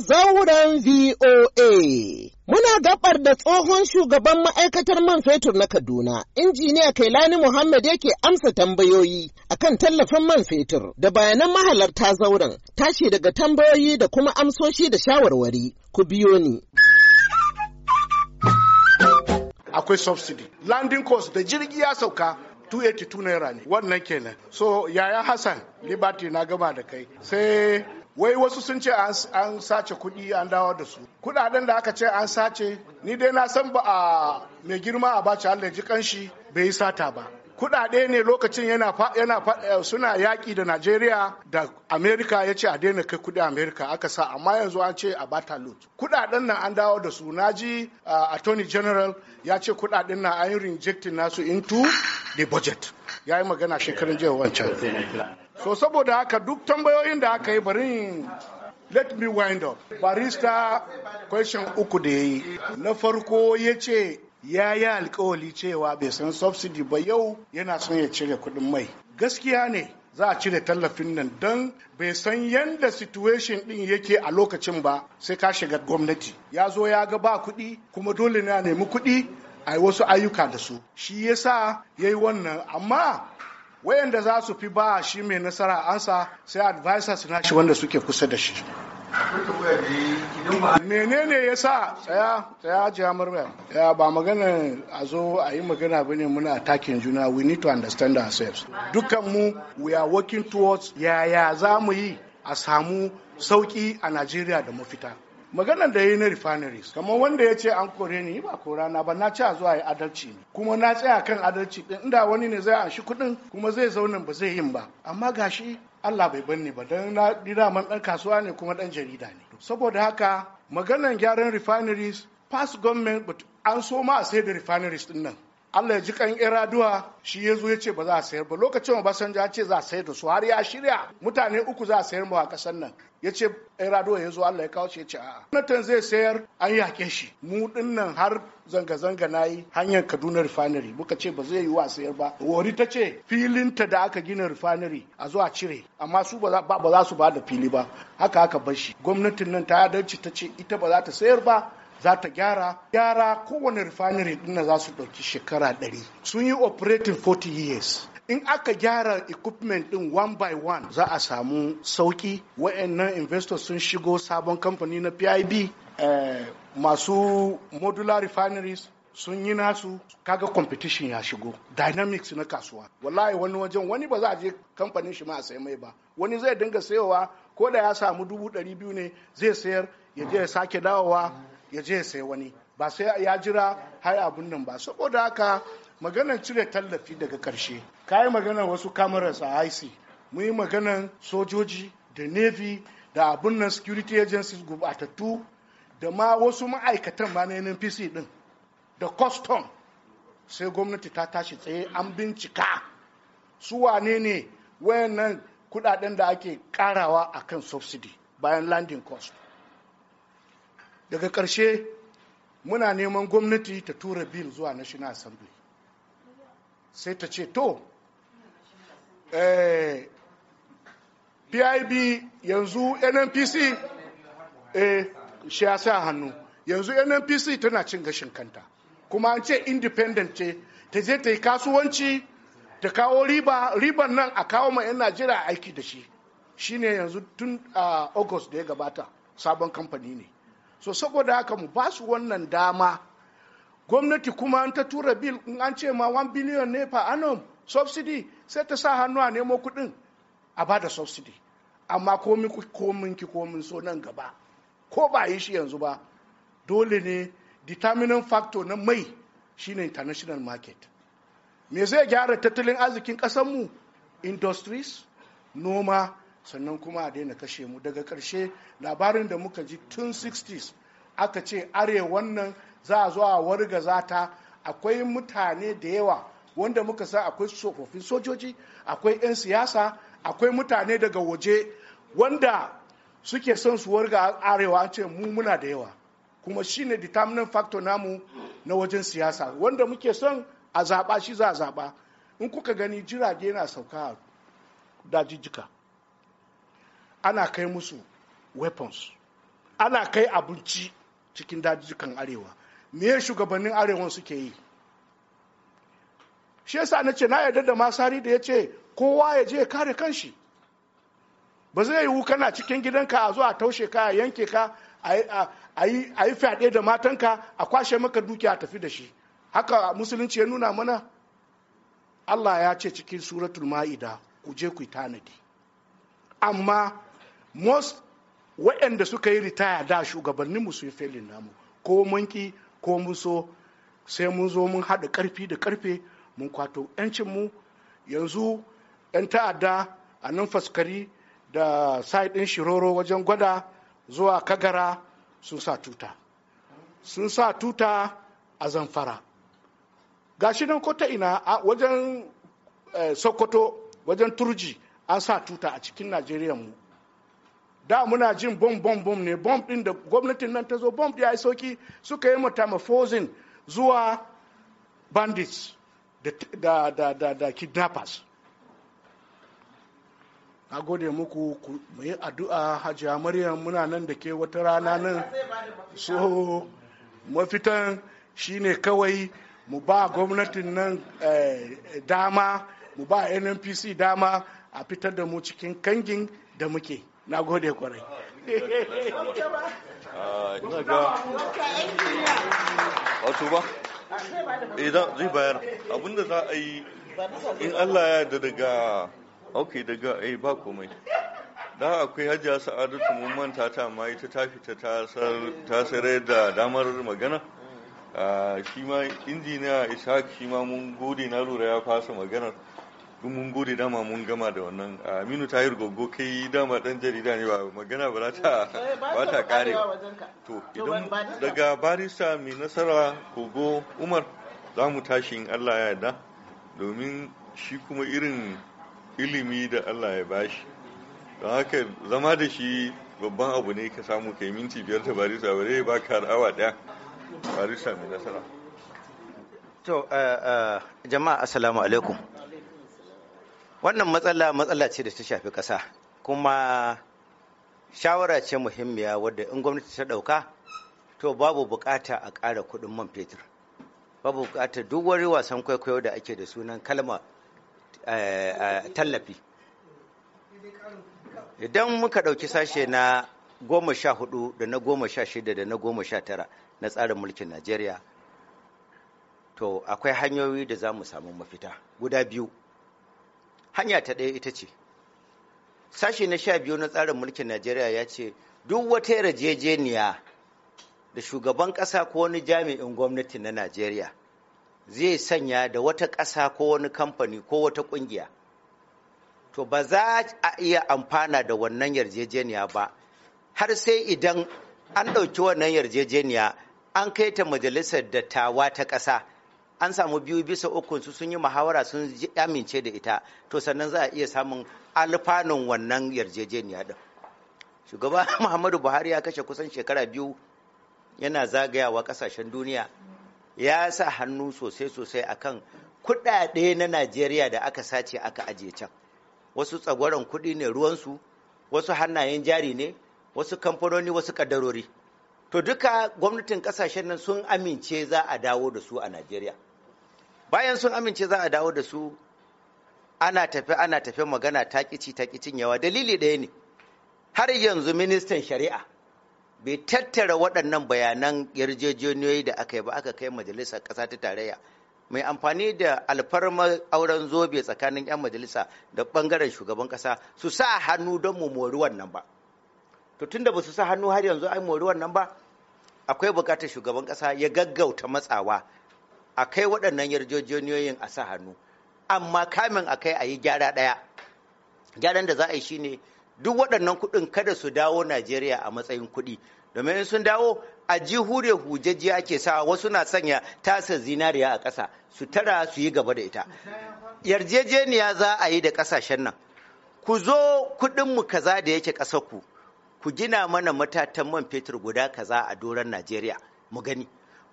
zauren VOA. Muna gabar da tsohon shugaban ma'aikatar man fetur na Kaduna, injiniya Kailani Muhammad yake amsa tambayoyi akan tallafin man fetur da bayanan mahalarta zauren, tashi daga tambayoyi da kuma amsoshi da shawarwari. Ku biyo ni. Akwai subsidy. Landing cost da jirgi ya sauka 282 naira ne, wannan kenan. So, yaya Hassan, Liberty na gama da kai. Sai wai wasu sun ce an sace kuɗi an dawo da su kuɗaɗen da aka ce an sace ni dai na san ba a mai girma a bace Allah ji kanshi bai yi sata ba kuɗaɗe ne lokacin yana yana eh, suna yaƙi da Najeriya da Amerika ya ce a daina kai kuɗi Amerika aka sa amma yanzu an ce a bata lot kuɗaɗen nan an dawo da su na ji eh, attorney general ya ce kuɗaɗen nan an yi rejecting nasu into the budget ya yi magana shekarun jiya wancan So saboda haka duk tambayoyin da aka yi bari let me wind up. Barista question uku da ya yi. Na farko ya ce ya yi alkawali cewa bai san subsidy ba yau yana son ya cire kuɗin mai. Gaskiya ne za a cire tallafin nan don bai san yadda situation ɗin yake a lokacin ba sai ka shiga gwamnati ya zo ya ga ba kuɗi kuma dole na nemi kuɗi a wasu ayyuka da su shi yasa ya yi wannan amma wayanda za su fi ba shi mai nasara ansa sai advisors na shi wanda suke kusa da shi menene ya sa tsaya tsaya jami'ar ya ba magana a zo a yi magana bane muna takin juna we need to understand ourselves dukkan mu we are working towards yaya za mu yi a samu sauki a najeriya da mafita maganar da ya yi na refineries kamar wanda ya ce an kore ni ba kora na ba na ci a zuwa ya adalci ne kuma na tsaya kan adalci din inda wani ne zai anshi kuɗin kuma zai zaunin ba zai yin ba amma gashi Allah bai banni ba don na daman ɗan kasuwa ne kuma ɗan jarida ne saboda haka maganan gyaran refineries past government an so ma a sai da refineries din nan Allah ya ji kan iraduwa shi ya zo ya ce ba za a sayar ba lokacin Obasanjo ya ce za a sayar da su har ya shirya mutane uku za a sayar ba a kasar nan ya ce iraduwa ya zo Allah ya kawo shi ya ce a'a Jonathan zai sayar an yake shi mu din nan har zanga-zanga na yi hanyar Kaduna refinery muka ce ba zai yi wa sayar ba wari ta ce filin ta da aka gina refinery a zo a cire amma su ba za su ba da fili ba haka haka bar shi gwamnatin nan ta adalci ta ce ita ba za ta sayar ba za ta gyara gyara kowane refinery dinna za su ɗauki shekara ɗari sun yi operating 40 years in aka gyara equipment din one by one za a samu sauki wa'annan investors sun shigo sabon kamfani na pib eh, masu modular refineries sun yi nasu kaga competition ya shigo dynamics na kasuwa wallahi wani wajen wani ba za a je kamfanin shi ma a sai mai ba wani zai dinga sayowa ko da ya samu dubu ɗari biyu ne zai sayar ya je ya sake dawowa ya je ya sai wani ba sai ya jira har abun nan ba saboda haka maganar cire tallafi daga karshe kayi maganar wasu kamaras a IC mu yi maganar sojoji da navy da abun nan security agencies gubatattu da ma wasu ma'aikatan ma na NPC din da custom sai gwamnati ta tashi tsaye an bincika su wane ne wayannan kudaden da ake karawa akan subsidy bayan landing cost daga ƙarshe muna neman gwamnati ta tura bil zuwa national assembly sai ta ce to eh, pib yanzu nnpc eh shi ya sa hannu yanzu nnpc tana cin gashin kanta kuma an ce independent ce ta je ta yi kasuwanci ta kawo riba riban nan a kawo ma 'yan najeriya aiki da shi shine yanzu tun a ah, august da ya gabata sabon kamfani ne so saboda haka mu ba su wannan dama gwamnati kuma an ta tura bil in an ce ma 1 biliyon ne fa annum subsidy sai ta sa hannu a nemo kuɗin a ba da subsidy amma komin komin ki komin so nan gaba ko ba yi shi yanzu ba dole ne ditaminan factor na mai shine international market me zai gyara tattalin arzikin mu industries noma sannan kuma a daina kashe mu daga ƙarshe labarin da muka ji tun 60s aka ce are wannan za a zo a warga zata akwai mutane da yawa wanda muka sa akwai tsofaffin sojoji akwai 'yan siyasa akwai mutane daga waje wanda suke son su warga arewa ce mu muna da yawa kuma shine determinant factor namu na wajen siyasa wanda muke son a zaba shi za a zaba in kuka gani jirage na sauka da jijjika ana kai musu weapons ana kai abinci cikin dajikan arewa me shugabannin arewan suke yi shi yasa na ce na yarda da masari da ya ce kowa ya je kare kanshi ba zai yiwu kana cikin gidanka a zo a taushe ka a yanke ka a yi fyaɗe da matanka a kwashe maka dukiya a tafi da shi haka musulunci ya nuna mana allah ya ce cikin suratul ma'ida ku je ku yi tanadi amma most waɗanda suka yi ritaya da shugabanninmu su yi felin namu ko mun ki ko mun so sai mun zo mun haɗa ƙarfi da ƙarfe mun kwato yancin mu yanzu 'yan ta'adda a nan faskari da saidin shiroro wajen gwada zuwa kagara sun sa tuta sun sa tuta a zamfara gashi nan ko ta ina wajen eh, sokoto wajen turji an sa tuta a cikin najeriya mu da muna jin bom bom bom ne bom din da gwamnatin nan ta zo bom ya yi sauki suka yi mafozin zuwa bandits da, da, da, da kidnappers na gode muku ku yi addu'a hajiya maryam muna nan da ke wata rana nan so mafitan shine kawai mu ba gwamnatin nan eh, dama mu ba nnpc dama a fitar da mu cikin kangin da muke na gode kwarai ah, idan eh, zai bayar abinda za a yi in allah ya da daga ok daga yi eh, ba komai da akwai hajiya sa'adatu mun manta ta amma ita ta fita ta sarar da damar magana ah, shi ma injiniya ishaq shi ma mun gode na lura ya fasa maganar duk mun gode dama mun gama da wannan ah, aminu tahir gogo kai dama dan jarida ne ba magana ba eh, ta ba ta kare to idan daga barista mai nasara gogo umar za mu tashi in allah ya yarda domin shi kuma irin ilimi da allah ya bashi don haka zama da shi babban abu ne ka samu kai minti biyar da barista bare ba ka awa daya barista mai nasara eh, eh, jama'a assalamu alaikum wannan matsala matsala ce da ta shafi ƙasa kuma shawara ce muhimmiya wadda in gwamnati ta ɗauka to babu bukata a ƙara kuɗin man fetur babu bukata duk wani wasan kwaikwayo da ake da sunan kalma eh, eh, tallafi idan muka ɗauki sashe na goma sha hudu da na goma sha shida da na goma sha tara na tsarin mulkin najeriya to akwai hanyoyi da za mu samu mafita guda biyu hanya ta ɗaya ita ce sashe na sha biyu na tsarin mulkin najeriya ya ce duk wata yarjejeniya da shugaban ƙasa ko wani jami'in gwamnati na najeriya zai sanya da wata ƙasa ko wani kamfani ko wata ƙungiya to ba za a iya amfana da wannan yarjejeniya ba har sai idan an ɗauki wannan yarjejeniya an kai ta majalisar dattawa ta ƙasa an samu biyu bisa ukun su sun yi muhawara sun amince da ita to sannan za a iya samun alfanun wannan yarjejeniya din shugaba muhammadu buhari ya kashe kusan shekara biyu yana zagayawa kasashen duniya ya sa hannu sosai sosai akan kuɗaɗe na najeriya da aka sace aka ajiye can wasu tsagwaron kuɗi ne ruwansu wasu hannayen jari ne wasu kamfanoni wasu kadarori to duka gwamnatin kasashen nan sun amince za a dawo da su a najeriya bayan sun amince za a dawo da su ana tafe ana tafe magana takici takicin yawa dalili ɗaya ne har yanzu ministan shari'a bai tattara waɗannan bayanan yarjejeniyoyi da aka yi ba aka kai majalisar ƙasa ta tarayya mai amfani da alfarma auren zobe tsakanin 'yan majalisa da ɓangaren shugaban ƙasa su sa hannu don mu mori wannan ba to tun da ba su sa hannu har yanzu ai mori wannan ba akwai buƙatar shugaban ƙasa ya gaggauta matsawa a kai waɗannan yarjejeniyoyin a sa hannu amma kamin a kai a yi gyara ɗaya gyaran da za a yi shine duk waɗannan kuɗin kada su dawo najeriya a matsayin kuɗi domin in sun dawo a ji hure hujajji ake sa wasu na sanya tasa zinariya a ƙasa su tara su yi gaba da ita yarjejeniya za a yi da ƙasashen nan ku zo kuɗin kuɗinmu kaza da yake ku ku gina mana matatan man fetur guda kaza a doron najeriya mu gani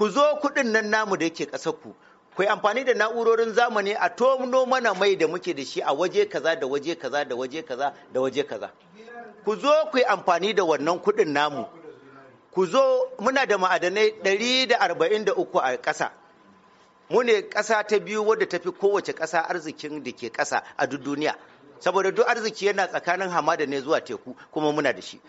ku zo kuɗin nan namu da yake ƙasar ku ku amfani da na'urorin zamani a tono mana mai da muke da shi a waje kaza da waje kaza da waje kaza da waje kaza ku zo ku yi amfani da wannan kuɗin namu ku zo muna da ma'adanai 143 a ƙasa mu ne ƙasa ta biyu wadda ta fi kowace ƙasa arzikin da ke ƙasa a duk duniya saboda duk arziki yana tsakanin hamada ne zuwa teku kuma muna da shi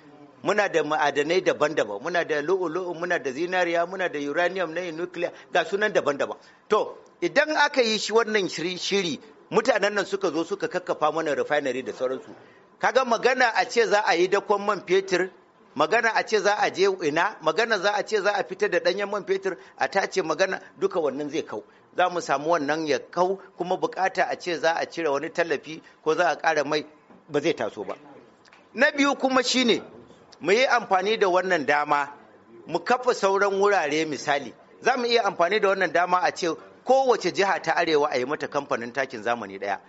muna da ma'adanai daban-daban muna da lu'ulu'u muna da zinariya muna da uranium na nuclear ga sunan daban-daban to idan aka yi shi wannan shiri mutanen nan suka zo suka kakkafa mana refinery da sauransu kaga magana a ce za a yi dakon man fetur magana a ce za a je ina magana za a ce za a fitar da danyen man fetur a tace magana duka wannan zai kau za mu samu wannan ya kau kuma bukata a ce za a cire wani tallafi ko za a kara mai ba zai taso ba na biyu kuma shine mu yi amfani da wannan dama mu kafa sauran wurare misali za mu iya amfani da wannan dama a ce kowace jiha ta arewa a yi mata kamfanin takin zamani daya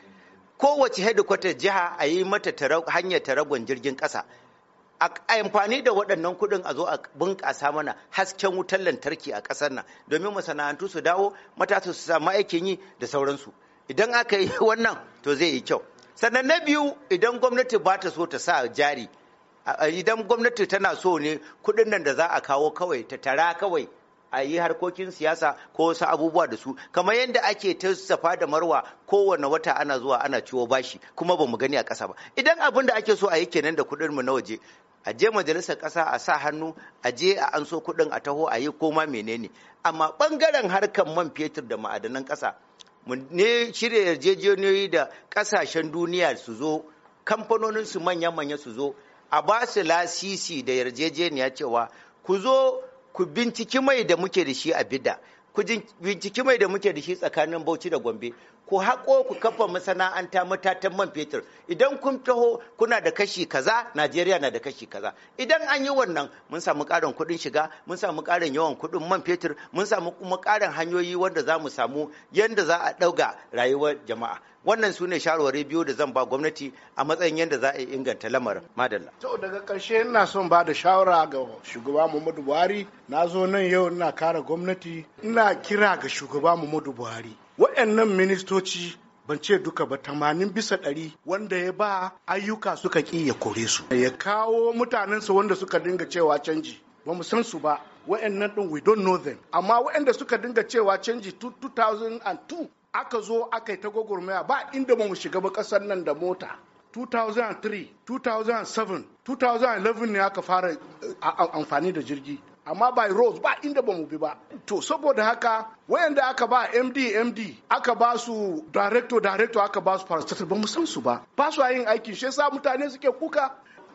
kowace hedikwatar jiha a yi mata hanyar taragon jirgin kasa a amfani da waɗannan kuɗin a zo a bunƙasa mana hasken wutar lantarki a ƙasar nan domin masana'antu su dawo matasa su samu aikin yi da sauransu idan aka yi wannan to zai yi kyau sannan na biyu idan gwamnati ba ta so ta sa jari idan gwamnati tana so ne kuɗin nan da za a kawo kawai ta tara kawai a yi harkokin siyasa ko wasu abubuwa da su kamar yadda ake ta safa da marwa kowane wata ana zuwa ana ciwo bashi kuma ba mu gani a ƙasa ba idan abin da ake so a yi kenan da kuɗin mu na waje a je majalisar ƙasa a sa hannu a je a an so kuɗin a taho a yi koma menene amma ɓangaren harkar man fetur da ma'adanan ƙasa mun ne shirya yarjejeniyoyi da ƙasashen duniya su zo kamfanonin su manya-manya su zo a ba su lasisi da yarjejeniya cewa ku zo ku binciki mai da muke da shi a bida ku binciki mai da muke da shi tsakanin bauchi da gombe ku haƙo ku kafa masana'anta matatan man fetur idan kun taho kuna da kashi kaza najeriya na da kashi kaza idan an yi wannan mun samu ƙarin kuɗin shiga mun samu ƙarin yawan kuɗin man fetur mun samu kuma ƙarin hanyoyi wanda za mu samu yadda za a ɗauga rayuwar jama'a wannan su ne shawarwari biyu da zan ba gwamnati a matsayin yadda za a inganta lamarin madalla to daga ƙarshe ina son ba da shawara ga shugaba muhammadu buhari na zo nan yau ina kara gwamnati ina kira ga shugaba muhammadu buhari waɗannan ministoci ban ce duka ba tamanin bisa ɗari wanda ya ba ayyuka suka ƙi ya kore su ya kawo mutanensa wanda suka dinga cewa canji ba mu san su ba waɗannan ɗin we don't know them amma waɗanda suka dinga cewa canji 2002 aka zo aka yi ta gwagwarmaya ba inda ba mu shiga ba ƙasar nan da mota 2003 2007 2011 ne aka fara amfani da jirgi amma by Rose ba inda ba mu bi ba to saboda haka wayanda aka ba md md aka ba su director director aka ba su paracetamol ba mu san su ba ba su yin aiki shi yasa mutane suke kuka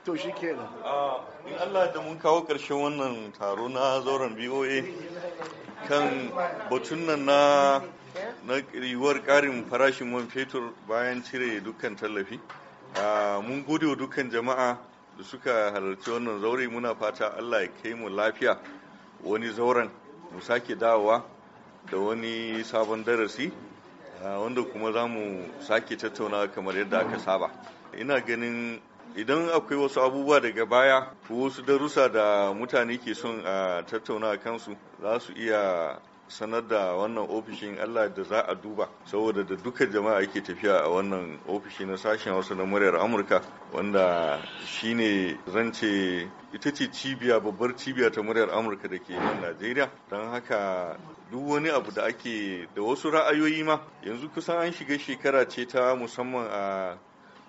to shi kenan ah, in Allah da mun kawo ƙarshen wannan taro na zauren BOA kan batun nan na na kiriwar ƙarin farashin man fetur bayan cire dukkan tallafi ah, mun gode wa dukkan jama'a da suka halarci wannan zaure muna fata Allah ya kai mu lafiya wani zauren mu sake dawowa da wani sabon darasi ah, wanda kuma za mu sake tattauna kamar yadda aka saba ina ganin idan akwai wasu abubuwa daga baya ko wasu darussa da mutane ke son a ah, tattauna kansu za su iya sanar da wannan ofishin Allah da za a duba saboda da duka jama'a yake tafiya a wannan ofishi na sashen wasu na muryar Amurka wanda shine zance ita ce cibiya babbar cibiya ta muryar Amurka da ke nan Najeriya don haka duk wani abu da ake da wasu ra'ayoyi ma yanzu kusan an shiga shekara ce ta musamman a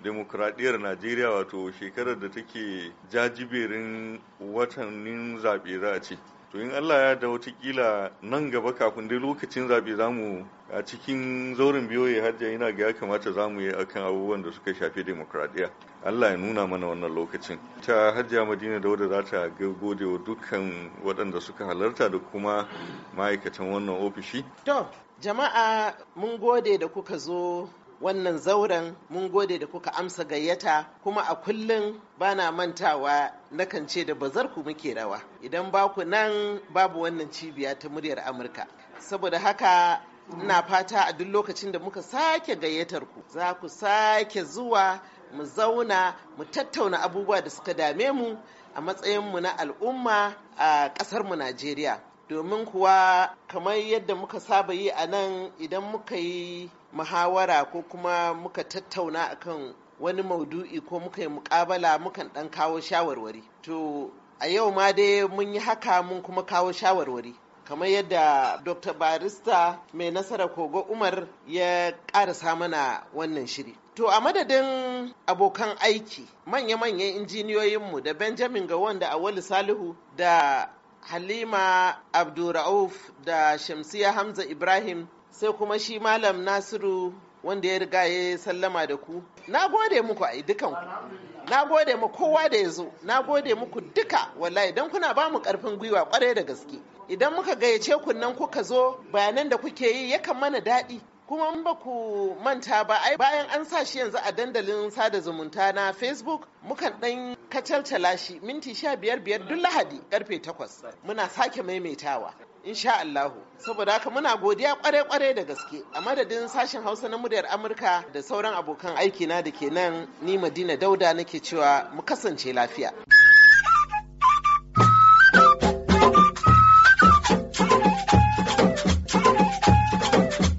demokradiyyar Najeriya wato shekarar da take jajiberin watannin zaɓe za a ce to in Allah ya da watakila nan gaba kafin dai lokacin zabe zamu a cikin zaurin biyoyi hajja yana ga ya kamata za mu yi akan abubuwan da suka shafi demokradiya Allah ya nuna mana wannan lokacin ta hajja madina da wadda za ta gode wa dukkan waɗanda suka halarta da kuma ma'aikatan wannan ofishi to jama'a mun gode da kuka zo wannan zauren mun gode da kuka amsa gayyata kuma a kullum bana mantawa nakan ce da bazar ku muke rawa idan baku nan babu wannan cibiya ta muryar amurka saboda haka ina fata a duk lokacin da muka sake gayyatar ku za ku sake zuwa mu zauna mu tattauna abubuwa da suka dame mu a matsayin mu na al'umma a mu najeriya domin kuwa kamar yadda muka saba yi a nan idan muka yi muhawara ko kuma muka tattauna akan wani maudu'i ko muka yi mukabala mukan dan kawo shawarwari to a yau ma dai mun yi haka mun kuma kawo shawarwari kamar yadda dr barista mai nasara kogo umar ya karasa mana wannan shiri to a madadin abokan aiki manya-manyan injiniyoyinmu da benjamin ga wanda awali salihu da halima abdurrauf da shamsiya hamza ibrahim sai kuma shi malam nasiru wanda ya riga ya sallama da ku na gode muku a dukan ku na gode mu kowa da ya zo na gode muku duka wallahi don kuna ba mu karfin gwiwa kwarai da gaske idan muka gayyace ku nan kuka zo bayanan da kuke yi yakan mana daɗi kuma in ba ku manta ba ai bayan an sa shi yanzu a dandalin sada zumunta na facebook mukan dan kacalcala shi minti sha biyar biyar duk lahadi karfe takwas muna sake maimaitawa insha Allahu saboda haka muna godiya kwarai kwarai da gaske a madadin sashen Hausa na muryar Amurka da sauran abokan aiki na da ke nan ni Madina Dauda nake cewa mu kasance lafiya